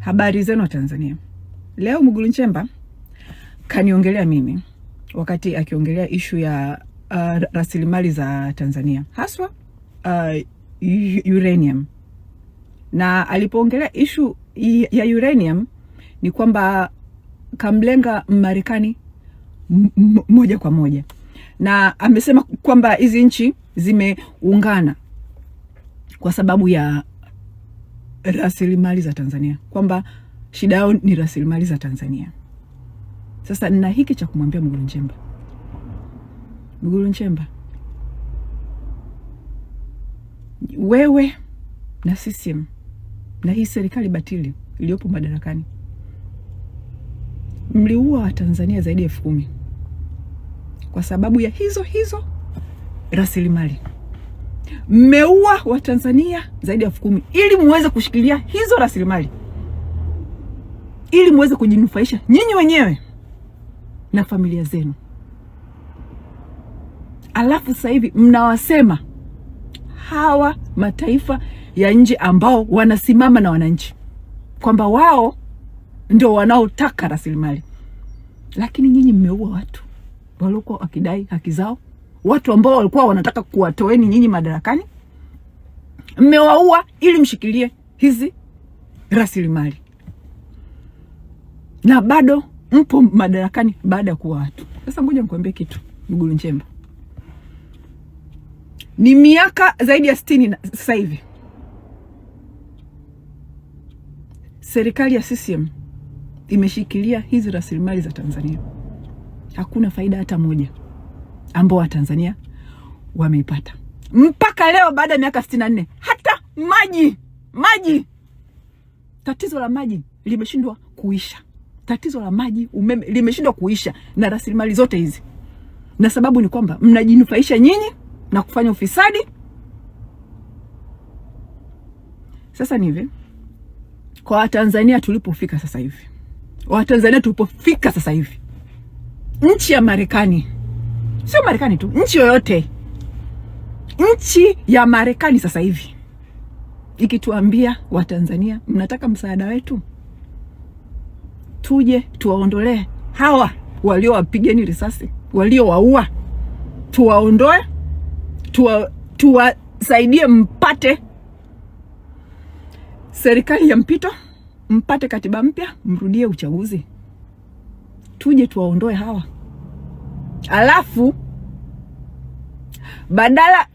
Habari zenu wa Tanzania. Leo Mwigulu Nchemba kaniongelea mimi wakati akiongelea ishu ya uh, rasilimali za Tanzania haswa uh, uranium, na alipoongelea ishu ya uranium ni kwamba kamlenga Marekani moja kwa moja, na amesema kwamba hizi nchi zimeungana kwa sababu ya rasilimali za Tanzania, kwamba shida yao ni rasilimali za Tanzania. Sasa nina hiki cha kumwambia Mwigulu Nchemba. Mwigulu Nchemba, wewe na CCM na hii serikali batili iliyopo madarakani mliua Watanzania zaidi ya elfu kumi kwa sababu ya hizo hizo rasilimali mmeua Watanzania zaidi ya elfu kumi ili muweze kushikilia hizo rasilimali ili muweze kujinufaisha nyinyi wenyewe na familia zenu. Alafu sasa hivi mnawasema hawa mataifa ya nje ambao wanasimama na wananchi kwamba wao ndio wanaotaka rasilimali, lakini nyinyi mmeua watu waliokuwa wakidai haki zao watu ambao walikuwa wanataka kuwatoeni nyinyi madarakani, mmewaua ili mshikilie hizi rasilimali na bado mpo madarakani baada ya kuwa watu. Sasa ngoja nikwambie kitu, Mwigulu Nchemba ni miaka zaidi ya sitini sasa hivi. Serikali ya CCM imeshikilia hizi rasilimali za Tanzania, hakuna faida hata moja ambao Watanzania wameipata mpaka leo baada ya miaka sitini na nne. Hata maji maji, tatizo la maji limeshindwa kuisha, tatizo la maji, umeme limeshindwa kuisha, na rasilimali zote hizi, na sababu ni kwamba mnajinufaisha nyinyi na kufanya ufisadi. Sasa ni hivi kwa Watanzania tulipofika sasa hivi, Watanzania tulipofika sasa hivi, nchi ya Marekani sio Marekani tu, nchi yoyote, nchi ya Marekani sasa hivi ikituambia Watanzania, mnataka msaada wetu, tuje tuwaondolee hawa waliowapigeni risasi, waliowaua, tuwaondoe, tuwasaidie, tuwa mpate serikali ya mpito, mpate katiba mpya, mrudie uchaguzi, tuje tuwaondoe hawa alafu badala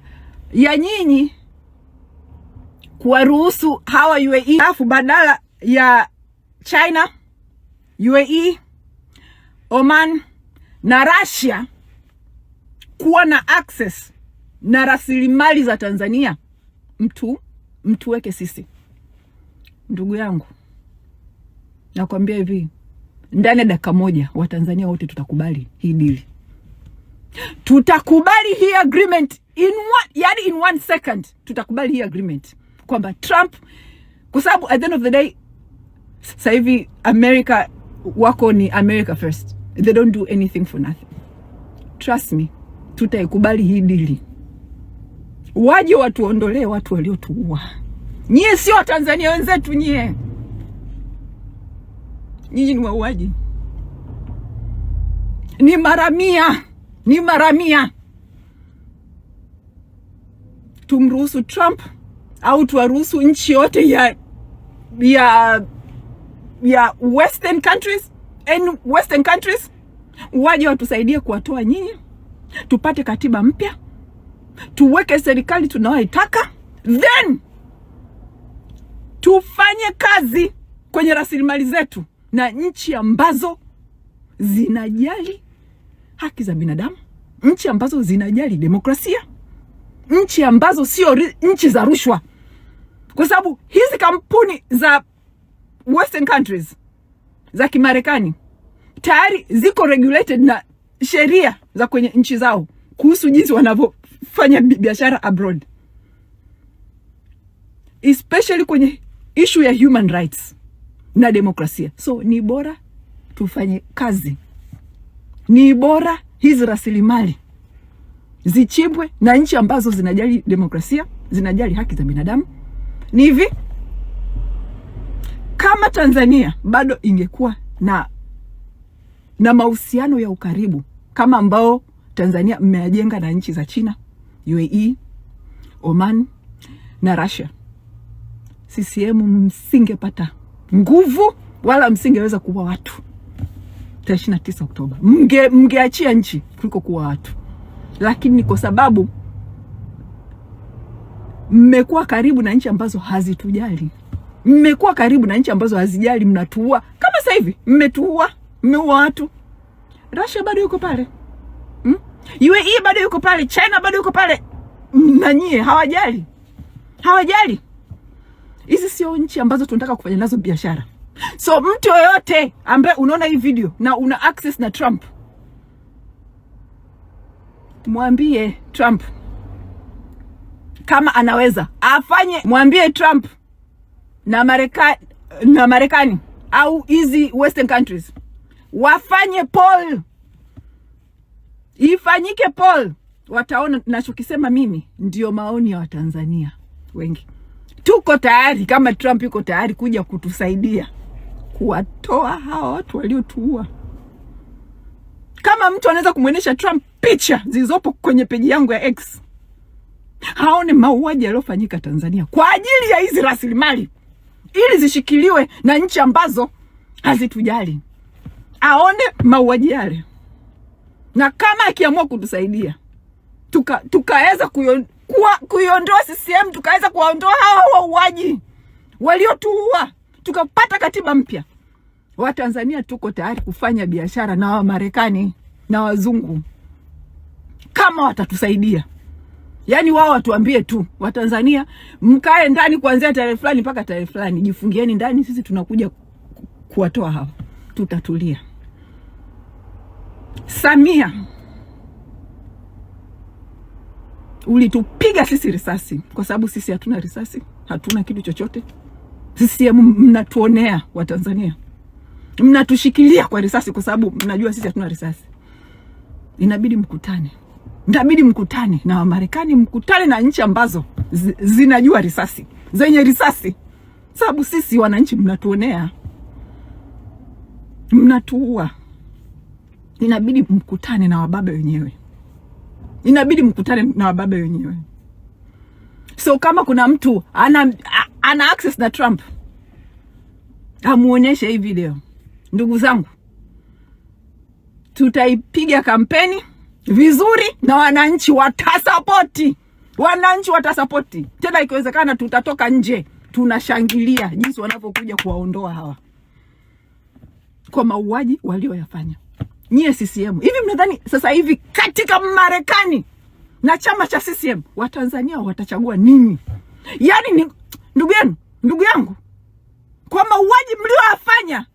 ya nyinyi kuwaruhusu hawa UAE, alafu badala ya China, UAE, Oman na Russia kuwa na access na rasilimali za Tanzania, mtu mtuweke sisi. Ndugu yangu, nakwambia hivi, ndani ya dakika moja Watanzania wote tutakubali hii dili tutakubali hii agreement in one, yani in one second tutakubali hii agreement kwamba Trump, kwa sababu at the end of the day sasa hivi America wako ni America first, they don't do anything for nothing. Trust me, tutaikubali hii dili, waje watuondolee watu waliotuua. Nyie sio Watanzania wenzetu, nyie nyinyi ni wauaji, ni maramia ni mara mia. Tumruhusu Trump au tuwaruhusu nchi yote ya, ya, ya western countries and western countries waje watusaidie kuwatoa nyinyi, tupate katiba mpya, tuweke serikali tunawaitaka then tufanye kazi kwenye rasilimali zetu na nchi ambazo zinajali haki za binadamu nchi ambazo zinajali demokrasia, nchi ambazo sio nchi za rushwa, kwa sababu hizi kampuni za western countries za Kimarekani tayari ziko regulated na sheria za kwenye nchi zao kuhusu jinsi wanavyofanya biashara abroad, especially kwenye ishu ya human rights na demokrasia. So ni bora tufanye kazi, ni bora hizi rasilimali zichimbwe na nchi ambazo zinajali demokrasia, zinajali haki za binadamu. Ni hivi, kama Tanzania bado ingekuwa na na mahusiano ya ukaribu kama ambao Tanzania mmeyajenga na nchi za China, UAE, Oman na Russia, CCM msingepata nguvu wala msingeweza kuwa watu tarehe 29 Oktoba, mge mgeachia nchi kuliko kuwa watu, lakini kwa sababu mmekuwa karibu na nchi ambazo hazitujali, mmekuwa karibu na nchi ambazo hazijali, mnatuua kama sasa hivi mmetuua, mmeua watu. Russia bado yuko pale hmm? hii e bado yuko pale, China bado yuko pale, na nyie hawajali, hawajali. Hizi sio nchi ambazo tunataka kufanya nazo biashara. So mtu yoyote ambaye unaona hii video na una access na Trump, mwambie Trump kama anaweza afanye, mwambie Trump na Marekani, na Marekani au hizi western countries wafanye poll, ifanyike poll. Wataona nachokisema mimi ndio maoni ya Watanzania wengi. Tuko tayari kama Trump yuko tayari kuja kutusaidia kuwatoa hawa watu waliotuua. Kama mtu anaweza kumwonyesha Trump picha zilizopo kwenye peji yangu ya X haone mauaji yaliyofanyika Tanzania kwa ajili ya hizi rasilimali ili zishikiliwe na nchi ambazo hazitujali, aone mauaji yale, na kama akiamua kutusaidia tukaweza tuka kuiondoa CCM tukaweza kuwaondoa hawa wauaji waliotuua tukapata katiba mpya, Watanzania tuko tayari kufanya biashara na Wamarekani na wazungu kama watatusaidia. Yaani wao watuambie tu, Watanzania mkae ndani kuanzia tarehe fulani mpaka tarehe fulani, jifungieni ndani, sisi tunakuja kuwatoa hawa, tutatulia. Samia ulitupiga sisi risasi, kwa sababu sisi hatuna risasi, hatuna kitu chochote. CCM mnatuonea Watanzania, mnatushikilia kwa risasi, kwa sababu mnajua sisi hatuna risasi. Inabidi mkutane, inabidi mkutane na Wamarekani, mkutane na nchi ambazo zinajua risasi, zenye risasi, sababu sisi wananchi mnatuonea, mnatuua. Inabidi mkutane na wababa wenyewe, inabidi mkutane na wababa wenyewe. So kama kuna mtu ana ana access na Trump, amuonyeshe hii video. Ndugu zangu, tutaipiga kampeni vizuri na wananchi watasapoti, wananchi watasapoti tena. Ikiwezekana tutatoka nje, tunashangilia jinsi wanavyokuja kuwaondoa hawa kwa mauaji walioyafanya. Nyie CCM hivi mnadhani sasa hivi katika Marekani na chama cha CCM Watanzania watachagua nini? Yaani ni ndugu yenu, ndugu yangu, kwa mauaji mlioyafanya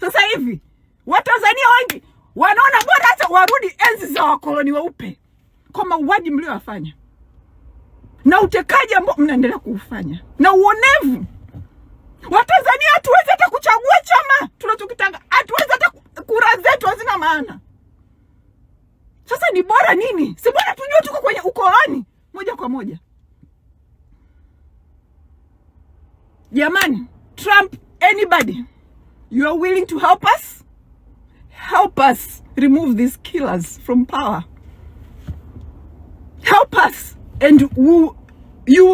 sasa hivi Watanzania wengi wanaona bora hata warudi enzi za wakoloni weupe, kwa mauaji mlioyafanya na utekaji ambao mnaendelea kuufanya na uonevu. Watanzania hatuwezi hata kuchagua chama tunachokitanga, hatuwezi hata kura zetu hazina maana. Sasa ni bora nini? Si bora tujue tuko kwenye ukoloni moja kwa moja. Yaman, Trump, anybody, you are willing to help us? Help us remove these killers from power. Help us and you